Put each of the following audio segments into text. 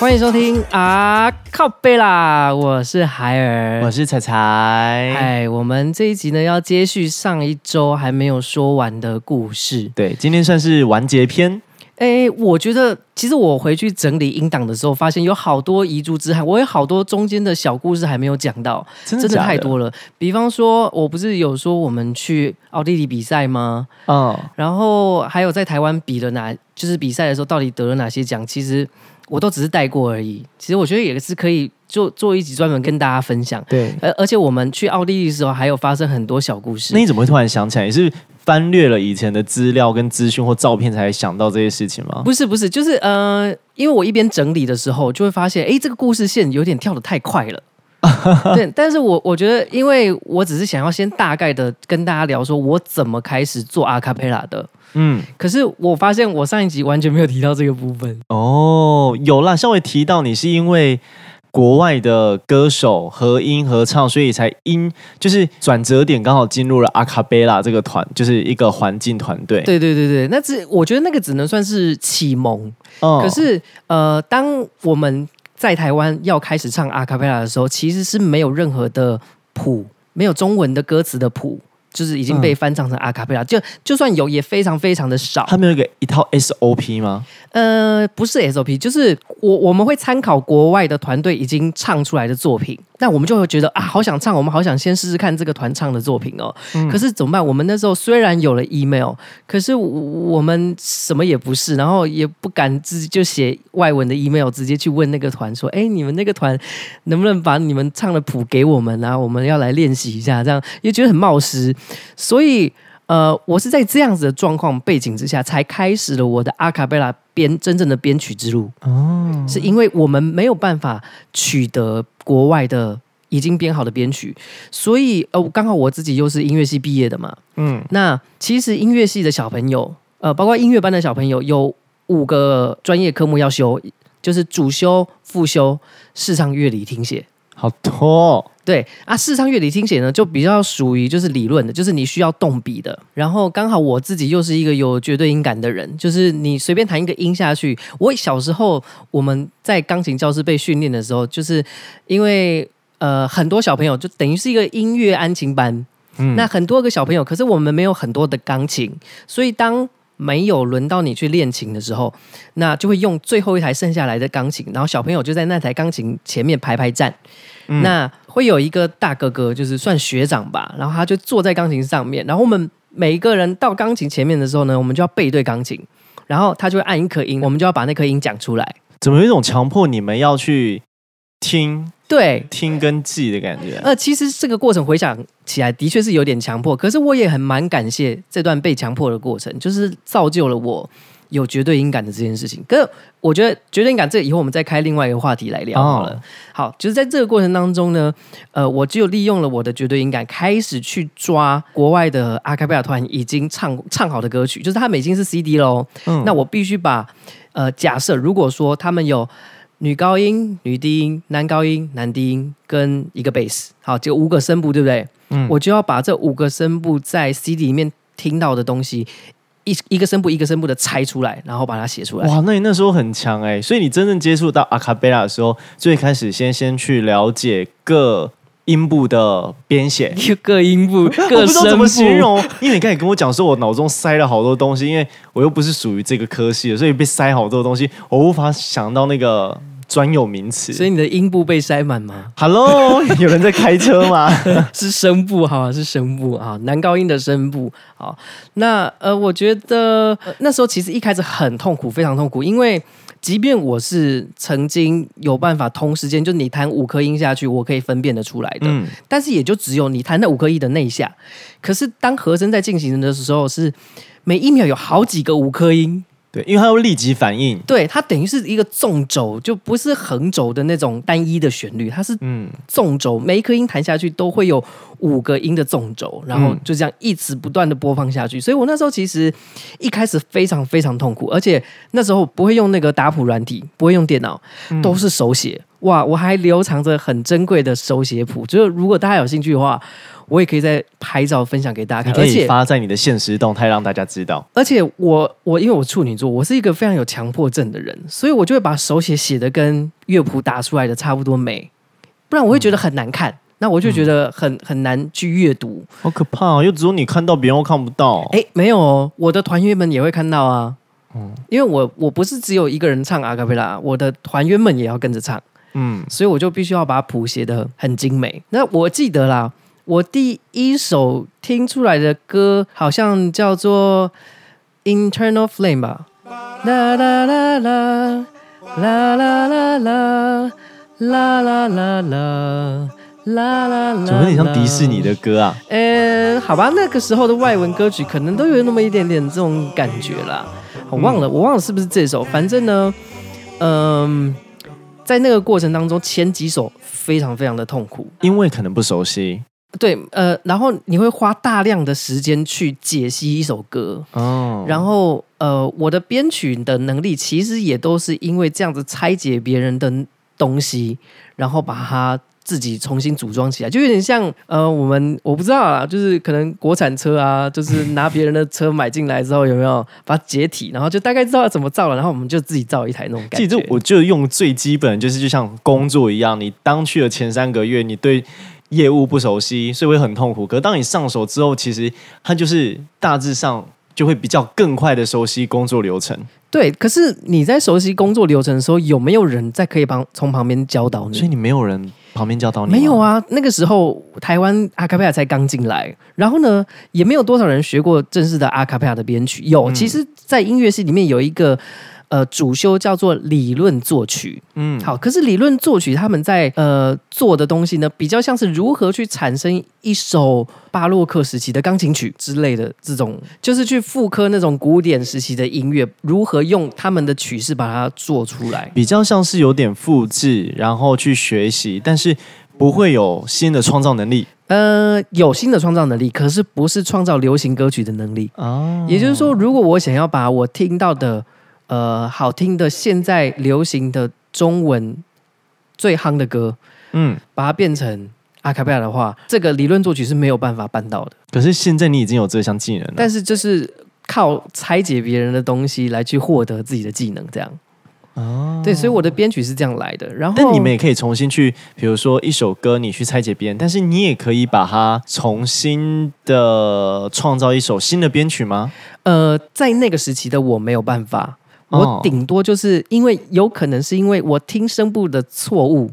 歡迎收聽阿卡貝拉！我是海爾，我是彩彩。哎，我們這一集呢，要接續上一周還沒有說完的故事。對，今天算是完結篇。哎，我覺得其實我回去整理音檔的時候，發現有好多遺珠之憾，我有好多中間的小故事還沒有講到。真的假的？真的太多了。比方說，我不是有說我們去奧地利比賽嗎？啊、哦，然後還有在台灣比了哪，就是比賽的時候到底得了哪些獎？其實。我都只是帶過而已，其實我覺得也是可以做做一集專門跟大家分享。對，而、呃、而且我們去奧地利的時候，還有發生很多小故事。那你怎麼會突然想起來？你是，是翻閱了以前的資料跟資訊或照片才想到這些事情嗎？不是不是，就是呃，因為我一邊整理的時候，就會發現，哎，這個故事線有點跳得太快了。 對，但是我我覺得，因為我只是想要先大概的跟大家聊，說我怎麼開始做阿卡貝拉的。嗯，可是我發現我上一集完全沒有提到這個部分。哦，有啦，稍微提到你是因為國外的歌手合音合唱，所以才因，就是轉折點剛好進入了阿卡貝拉這個團，就是一個環境團隊。對對對對，那只我覺得那個只能算是啟蒙。哦，可是呃，當我們在台灣要開始唱阿卡貝拉的時候，其實是沒有任何的譜，沒有中文的歌詞的譜。就是已經被翻唱成阿卡貝拉，就就算有也非常非常的少。他們有給一套 SOP 嗎？呃，不是 SOP，就是我我們會參考國外的團隊已經唱出來的作品。那我們就會覺得啊，好想唱，我們好想先試試看這個團唱的作品哦、嗯。可是怎麼辦？我們那時候雖然有了 email，可是我們什麼也不是，然後也不敢自己就寫外文的 email，直接去問那個團說：“哎，你們那個團能不能把你們唱的譜給我們啊？我們要來練習一下，這樣也覺得很冒失。”所以。呃，我是在這樣子的狀況背景之下，才開始了我的阿卡貝拉編真正的編曲之路。哦，是因為我們沒有辦法取得國外的已經編好的編曲，所以呃，剛好我自己又是音樂系畢業的嘛。嗯，那其實音樂系的小朋友，呃，包括音樂班的小朋友，有五個專業科目要修，就是主修、副修、視唱、樂理、聽寫。好多、哦、對啊，視唱、樂理、聽寫呢，就比較屬於就是理論的，就是你需要動筆的。然後剛好我自己又是一個有絕對音感的人，就是你隨便彈一個音下去。我小時候我們在鋼琴教室被訓練的時候，就是因為呃很多小朋友就等於是一個音樂安親班，嗯，那很多個小朋友，可是我們沒有很多的鋼琴，所以當沒有輪到你去練琴的時候，那就會用最後一台剩下來的鋼琴，然後小朋友就在那台鋼琴前面排排站。嗯，那會有一個大哥哥，就是算學長吧，然後他就坐在鋼琴上面，然後我們每一個人到鋼琴前面的時候呢，我們就要背對鋼琴，然後他就會按一顆音，我們就要把那顆音講出來。怎麼有一種強迫你們要去聽？對，聽跟記的感覺。那，呃，其實這個過程回想起來的確是有點強迫，可是我也很蠻感謝這段被強迫的過程，就是造就了我。有絕對音感的這件事情，可是我覺得絕對音感，這個以後我們再開另外一個話題來聊好了。哦。好，就是在這個過程當中呢，呃，我就利用了我的絕對音感，開始去抓國外的阿卡貝拉團已經唱唱好的歌曲，就是他們已經是 CD 嘍。嗯，那我必須把呃，假設如果說他們有女高音、女低音、男高音、男低音跟一個 bass 好，就五個聲部，對不對？嗯，我就要把這五個聲部在 CD 裡面聽到的東西。一一個聲部一個聲部的拆出來，然後把它寫出來。哇，那你那時候很強哎、欸，所以你真正接觸到阿卡貝拉的時候，最開始先先去了解各音部的編寫，各音部，各聲部。我不知道怎麼形容。 因為你剛才跟我講說，我腦中塞了好多東西，因為我又不是屬於這個科系的，所以被塞好多東西，我無法想到那個。專有名詞，所以你的音部被塞滿嗎？Hello， 有人在開車嗎？ 是聲部哈，是聲部啊，男高音的聲部好，那呃，我覺得、呃、那時候其實一開始很痛苦，非常痛苦，因為即便我是曾經有辦法同時間，就你彈五顆音下去，我可以分辨得出來的。嗯、但是也就只有你彈那五顆音的那一下。可是當和聲在進行的時候是，是每一秒有好幾個五顆音。對，因為它會立即反應。對，它等於是一個縱軸，就不是橫軸的那種單一的旋律。它是嗯，縱軸、嗯，每一顆音彈下去都會有五個音的縱軸，然後就這樣一直不斷的播放下去、嗯。所以我那時候其實一開始非常非常痛苦，而且那時候不會用那個打譜軟體，不會用電腦，都是手寫。嗯、哇，我還留藏着很珍貴的手寫譜，就是如果大家有興趣的話。我也可以在拍照分享給大家看，而且發在你的限時動態讓大家知道。而且我我因為我處女座，我是一個非常有強迫症的人，所以我就會把手寫寫的跟樂譜打出來的差不多美，不然我會覺得很難看。嗯、那我就覺得很、嗯、很，很難去閱讀，好可怕、啊！又只有你看到，別人又看不到。誒，沒有、哦，我的團員們也會看到啊。嗯，因為我我不是只有一個人唱《阿卡貝拉》，我的團員們也要跟着唱。嗯，所以我就必須要把譜寫的很精美。那我記得啦。我第一首聽出來的歌好像叫做《Internal Flame》吧。啦啦啦啦啦啦啦啦啦啦啦啦啦啦！怎麼有點像迪士尼的歌啊？嗯，好吧，那個時候的外文歌曲可能都有那麼一點點這種感覺啦。我忘了、嗯，我忘了是不是這首？反正呢，嗯、呃，在那個過程當中，前幾首非常非常的痛苦，因為可能不熟悉。對，呃，然後你會花大量的時間去解析一首歌，哦，然後呃，我的編曲的能力其實也都是因為這樣子拆解別人的東西，然後把它自己重新組裝起來，就有點像呃，我們我不知道啦，就是可能國產車啊，就是拿別人的車買進來之後 有沒有把它解體，然後就大概知道要怎麼造了，然後我們就自己造一台那種感覺。其實，我就用最基本，就是就像工作一樣，你當去了前三個月，你對。業務不熟悉，所以會很痛苦。可是當你上手之後，其實它就是大致上就會比較更快的熟悉工作流程。對，可是你在熟悉工作流程的時候，有沒有人在可以幫從旁邊教導你？所以你沒有人旁邊教導你，啊？沒有啊，那個時候台灣阿卡貝拉才剛進來，然後呢，也沒有多少人學過正式的阿卡貝拉的編曲。有，嗯、其實，在音樂系裡面有一個。呃，主修叫做理論作曲，嗯，好。可是理論作曲，他們在呃做的東西呢，比較像是如何去產生一首巴洛克時期的鋼琴曲之類的這種，就是去復刻那種古典時期的音樂，如何用他們的曲式把它做出來，比較像是有點複製，然後去學習，但是不會有新的創造能力。嗯。呃，有新的創造能力，可是不是創造流行歌曲的能力。哦，也就是說，如果我想要把我聽到的。呃，好聽的，現在流行的中文最夯的歌，嗯，把它變成阿卡貝拉的話，這個理論作曲是沒有辦法辦到的。可是現在你已經有這項技能了。但是就是靠拆解別人的東西來去獲得自己的技能，這樣。哦，對，所以我的編曲是這樣來的。然後，但你們也可以重新去，比如說一首歌，你去拆解別人，但是你也可以把它重新的創造一首新的編曲嗎？呃，在那個時期的我沒有辦法。我頂多就是因為有可能是因為我聽聲部的錯誤，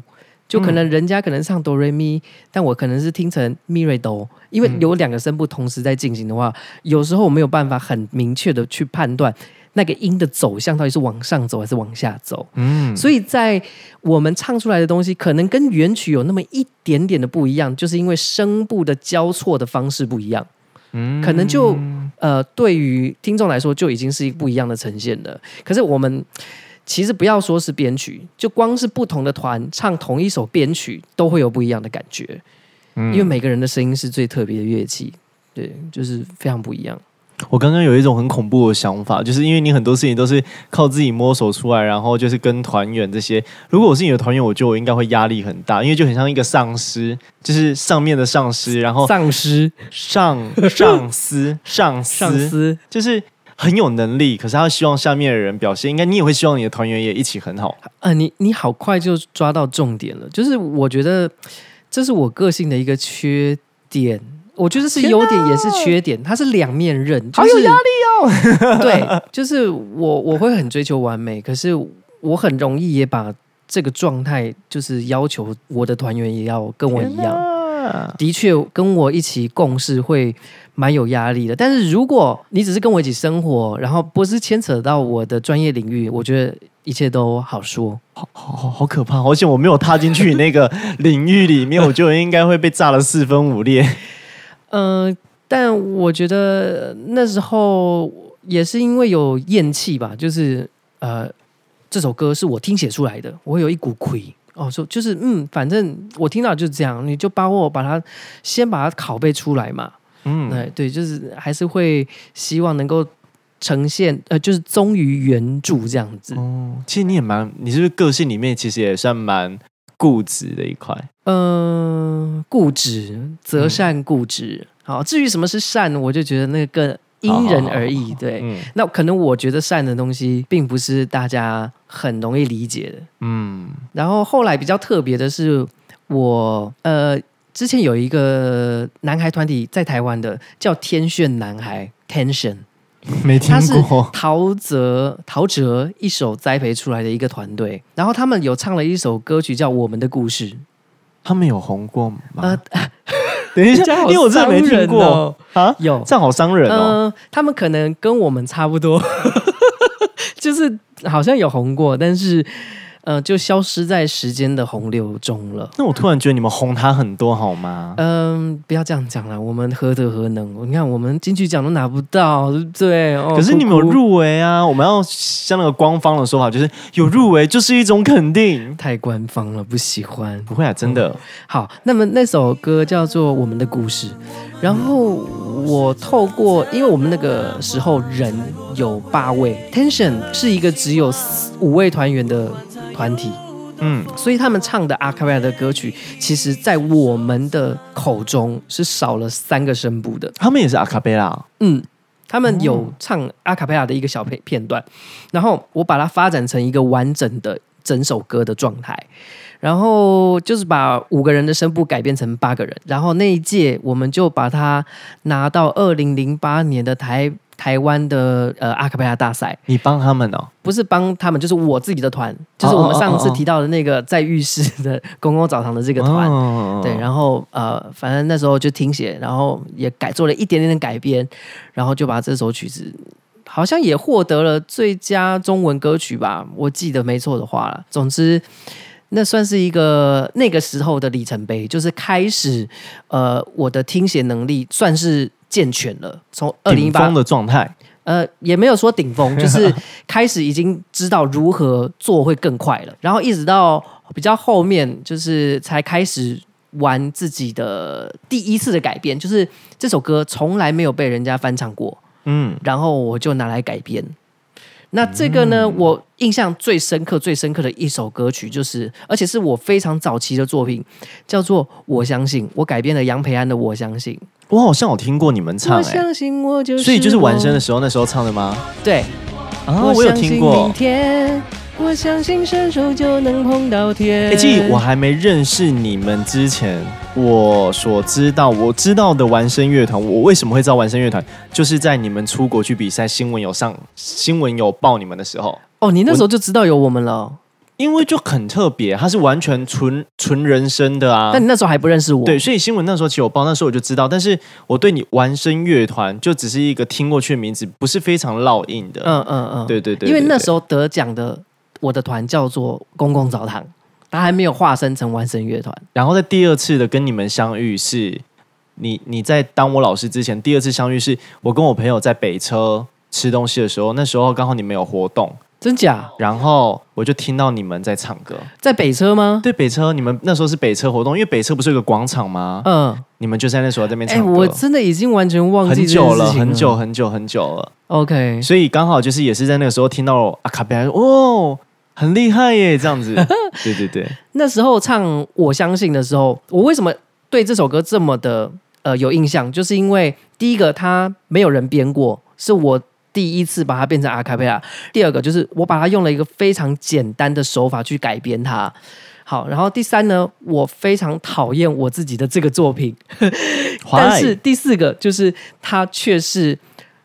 就可能人家可能唱哆來咪，但我可能是聽成咪來哆，因為有兩個聲部同時在進行的話，嗯，有時候我沒有辦法很明確的去判斷那個音的走向到底是往上走還是往下走。嗯，所以在我們唱出來的東西可能跟原曲有那麼一點點的不一樣，就是因為聲部的交錯的方式不一樣。嗯，可能就呃，對於聽眾來說就已經是一個不一樣的呈現了。可是我們其實不要說是編曲，就光是不同的團唱同一首編曲，都會有不一樣的感覺。因為每個人的聲音是最特別的樂器，對，就是非常不一樣。我剛剛有一種很恐怖的想法，就是因為你很多事情都是靠自己摸索出來，然後就是跟團員這些。如果我是你的團員，我覺得我應該會壓力很大，因為就很像一個上司，就是上面的上司，然後上司上上司上司， 就是很有能力，可是他希望下面的人表現。應該你也會希望你的團員也一起很好。呃，你你好快就抓到重點了，就是我覺得這是我個性的一個缺點。我覺得是優點，也是缺點，它是兩面刃。好、就是啊、有壓力哦。 對，就是我，我會很追求完美，可是我很容易也把這個狀態，就是要求我的團員也要跟我一樣。的確，跟我一起共事會蠻有壓力的。但是如果你只是跟我一起生活，然後不是牽扯到我的專業領域，我覺得一切都好說。好，好，好可怕！好像我沒有踏進去那個領域裡面， 我覺得我應該會被炸了四分五裂。嗯、呃，但我覺得那時候也是因為有厭棄吧，就是呃，這首歌是我聽寫出來的，我有一股虧哦，說就是嗯，反正我聽到就是這樣，你就幫我把它先把它拷貝出來嘛，嗯，對、呃、對，就是還是會希望能夠呈現呃，就是忠於原著這樣子。哦、嗯，其實你也蠻，你是不是個性裡面其實也算蠻。固執的一塊，嗯、呃，固執，擇善固執、嗯。好，至於什麼是善，我就覺得那個更因人而異。好好好對、嗯，那可能我覺得善的東西，並不是大家很容易理解的。嗯，然後後來比較特別的是，我呃，之前有一個男孩團體在台灣的，叫天炫男孩、嗯、Tension。他是陶喆，陶喆一手栽培出來的一個團隊，然後他們有唱了一首歌曲叫《我們的故事》，他們有紅過嗎？呃啊、等一下，因為我真的沒聽過啊，有這樣好傷人哦、呃。他們可能跟我們差不多， 就是好像有紅過，但是。呃，就消失在時間的洪流中了。那我突然覺得你們紅他很多好嗎？嗯，嗯，不要這樣講了，我們何德何能？你看我們金曲獎都拿不到，對、哦。可是你們有入圍啊哭哭！我們要像那個官方的說法，就是有入圍就是一種肯定、嗯。太官方了，不喜歡。不會啊，真的、嗯。好，那麼那首歌叫做《我們的故事》。然後我透過，因為我們那個時候人有八位，Tension，嗯，是一個只有四五位團員的團體，嗯，所以他們唱的阿卡貝拉的歌曲，其實，在我們的口中是少了三個聲部的。他們也是阿卡貝拉哦？嗯，他們有唱阿卡貝拉的一個小片片段，然後我把它發展成一個完整的整首歌的狀態，然後就是把五個人的聲部改編成八個人，然後那一屆我們就把它拿到二零零八年的台台灣的呃阿卡貝拉大賽。你幫他們哦？不是幫他們，就是我自己的團，oh、就是我們上次提到的那個在浴室的、oh、公共澡堂的這個團。Oh、對，然後呃，反正那時候就聽寫，然後也改做了一點點的改編，然後就把這首曲子。好像也獲得了最佳中文歌曲吧，我記得沒錯的話了。總之，那算是一個那個時候的里程碑，就是開始，呃，我的聽寫能力算是健全了。從二零一八的狀態，呃，也沒有說頂峰，就是開始已經知道如何做會更快了。 然後一直到比較後面，就是才開始玩自己的第一次的改變，就是這首歌從來沒有被人家翻唱過。嗯，然後我就拿來改編。那這個呢，嗯、我印象最深刻、最深刻的一首歌曲，就是，而且是我非常早期的作品，叫做《我相信》。我改編了楊培安的《我相信》。我好像有聽過你們唱，欸，我，我，我所以就是完身的時候，那時候唱的嗎？對、啊。我有聽過。我相信伸手就能碰到天。欸。哎，季，我還沒認識你們之前，我所知道、我知道的完聲樂團，我為什麼會知道完聲樂團？就是在你們出國去比賽，新聞有上，新聞有報你們的時候。哦，你那時候就知道有我們了。哦，我，因為就很特別，它是完全純純人聲的啊。但你那時候還不認識我，對，所以新聞那時候其實有報，那時候我就知道。但是我對你完聲樂團就只是一個聽過去的名字，不是非常烙印的。嗯嗯嗯，對對對，對，因為那時候得獎的。我的團叫做公共澡堂，它還沒有化身成完整樂團。然後在第二次的跟你們相遇是，你你在當我老師之前，第二次相遇是我跟我朋友在北車吃東西的時候，那時候剛好你們有活動，真假？然後我就聽到你們在唱歌，在北車嗎？對，北車你們那時候是北車活動，因為北車不是有個廣場嗎？嗯，你們就在那時候在那邊唱歌。哎、欸，我真的已經完全忘記了很久了，很久很久很久了。OK，所以剛好就是也是在那個時候聽到阿、啊、卡貝拉，哦。很厲害耶，這樣子，對對對。 那時候唱《我相信》的時候，我為什麼對這首歌這麼的呃有印象？就是因為第一個，它沒有人編過，是我第一次把它變成阿卡貝拉；第二個，就是我把它用了一個非常簡單的手法去改編它。好，然後第三呢，我非常討厭我自己的這個作品， 但是第四個就是它卻是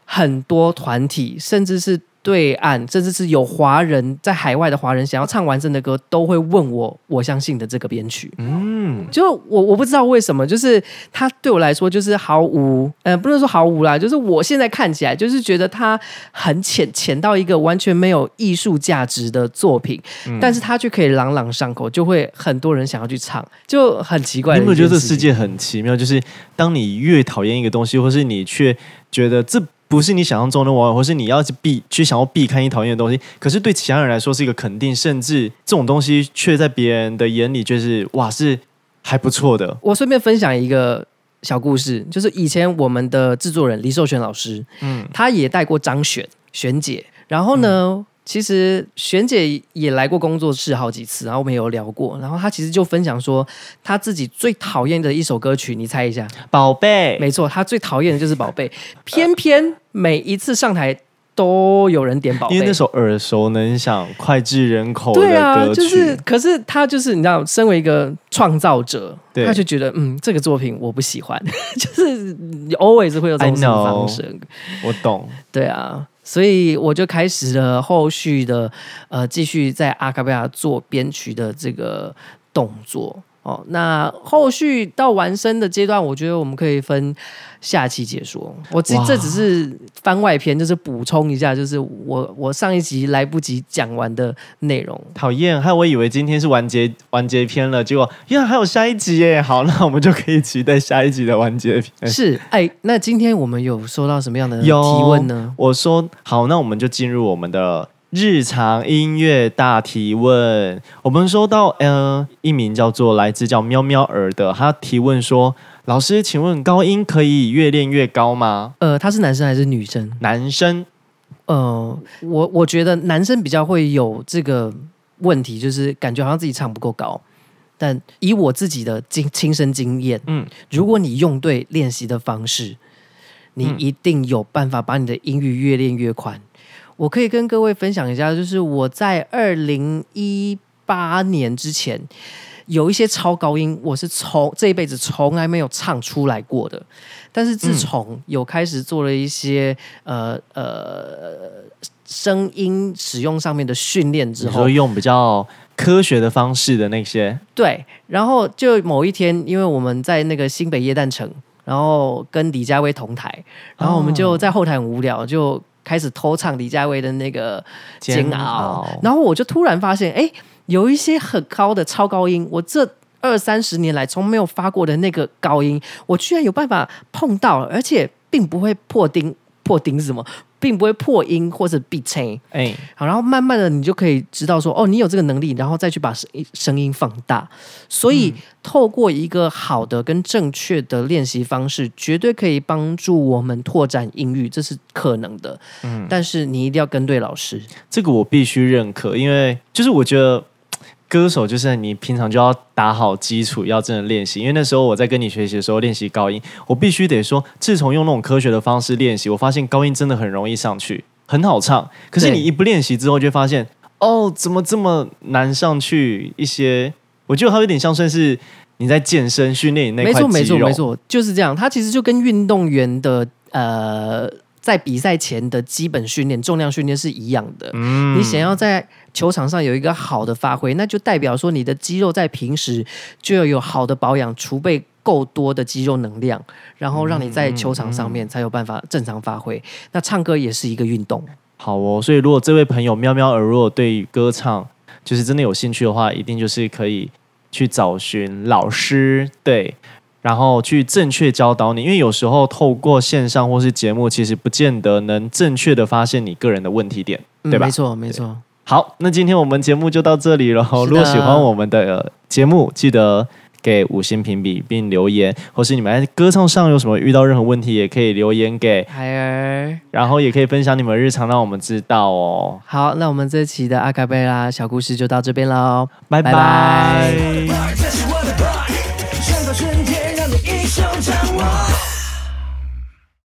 很多團體甚至是。對岸，甚至是有華人在海外的華人，想要唱完整的歌，都會問我，我相信的這個編曲，嗯，就我我不知道為什麼，就是他對我來說，就是毫無，呃，不能說毫無啦，就是我現在看起來，就是覺得他很淺，淺到一個完全沒有藝術價值的作品，嗯，但是他卻可以朗朗上口，就會很多人想要去唱，就很奇怪。你有沒有覺得這世界很奇妙、嗯？就是當你越討厭一個東西，或是你卻覺得這。不是你想象中的網友，或是你要去避去想要避開你討厭的東西，可是對其他人來說是一個肯定，甚至這種東西卻在別人的眼裡就是哇，是還不錯的。我順便分享一個小故事，就是以前我們的製作人李壽全老師，嗯，他也帶過張璇璇姐，然後呢，嗯其實玄姐也來過工作室好幾次，然後我們也有聊過。然後她其實就分享說，她自己最討厭的一首歌曲，你猜一下？寶貝，沒錯，她最討厭的就是寶貝。偏偏每一次上台都有人點寶貝，因為那首耳熟能詳膾炙人口的歌曲。對啊，就是。可是她就是你知道，身為一個創造者，她就覺得嗯，這個作品我不喜歡，呵呵就是 always 會有這種方式。I know, 我懂，對啊。所以我就開始了後續的呃，繼續在阿卡貝拉做編曲的這個動作。哦，那後續到完成的階段，我覺得我們可以分下期解說。我只這只是番外篇，就是補充一下，就是我我上一集來不及講完的內容。討厭，害我以為今天是完結完結篇了，結果因為還有下一集耶。好，那我們就可以期待下一集的完結篇。是，哎，那今天我們有收到什麼樣的提問呢？我說好，那我們就進入我們的。日常音樂大提問，我們收到，呃、嗯，一名叫做來自叫喵喵兒的，他提問說：“老師，請問高音可以越練越高嗎？”呃，他是男生還是女生？男生。呃，我我覺得男生比較會有這個問題，就是感覺好像自己唱不夠高。但以我自己的經親身經驗，嗯，如果你用對練習的方式，你一定有辦法把你的音域越練越寬。嗯。我可以跟各位分享一下，就是我在二零一八年之前有一些超高音，我是從這一輩子從來沒有唱出來過的。但是自從有開始做了一些、嗯、呃呃聲音使用上面的訓練之後，就用比較科學的方式的那些，對。然後就某一天，因為我們在那個新北耶誕城，然後跟李佳薇同台，然後我們就在後台很無聊、哦、就。開始偷唱李佳薇的那個煎熬，煎熬，然後我就突然發現，哎，有一些很高的超高音，我這二三十年來從沒有發過的那個高音，我居然有辦法碰到，而且並不會破音。破音是什麼，並不會破音或者鼻音。好，然後慢慢的你就可以知道說，哦，你有這個能力，然後再去把聲聲音放大。所以、嗯、透過一個好的跟正確的練習方式，絕對可以幫助我們拓展音域，這是可能的。嗯，但是你一定要跟對老師，這個我必須認可，因為就是我覺得。歌手就是你平常就要打好基礎，要真的練習。因為那時候我在跟你學習的時候練習高音，我必須得說，自從用那種科學的方式練習，我發現高音真的很容易上去，很好唱。可是你一不練習之後，就發現哦，怎麼這麼難上去一些，我覺得它有點像是你在健身訓練那塊肌肉，沒錯，沒錯，沒錯，就是這樣。它其實就跟運動員的呃。在比賽前的基本訓練、重量訓練是一樣的。嗯，你想要在球場上有一個好的發揮，那就代表說你的肌肉在平時就要有好的保養，儲備夠多的肌肉能量，然後讓你在球場上面才有辦法正常發揮。嗯，嗯，那唱歌也是一個運動。好哦，所以如果這位朋友喵喵而若對歌唱就是真的有興趣的話，一定就是可以去找尋老師，對。然後去正確教導你，因為有時候透過線上或是節目，其實不見得能正確的發現你個人的問題點，嗯、對吧？沒錯，沒錯。好，那今天我們節目就到這裡了。如果喜歡我們的、呃、節目，記得給五星評比並留言，或是你們在歌唱上有什麼遇到任何問題，也可以留言給孩兒，然後也可以分享你們日常，讓我們知道哦。好，那我們這期的阿卡貝拉小故事就到這邊嘍，拜拜。拜拜。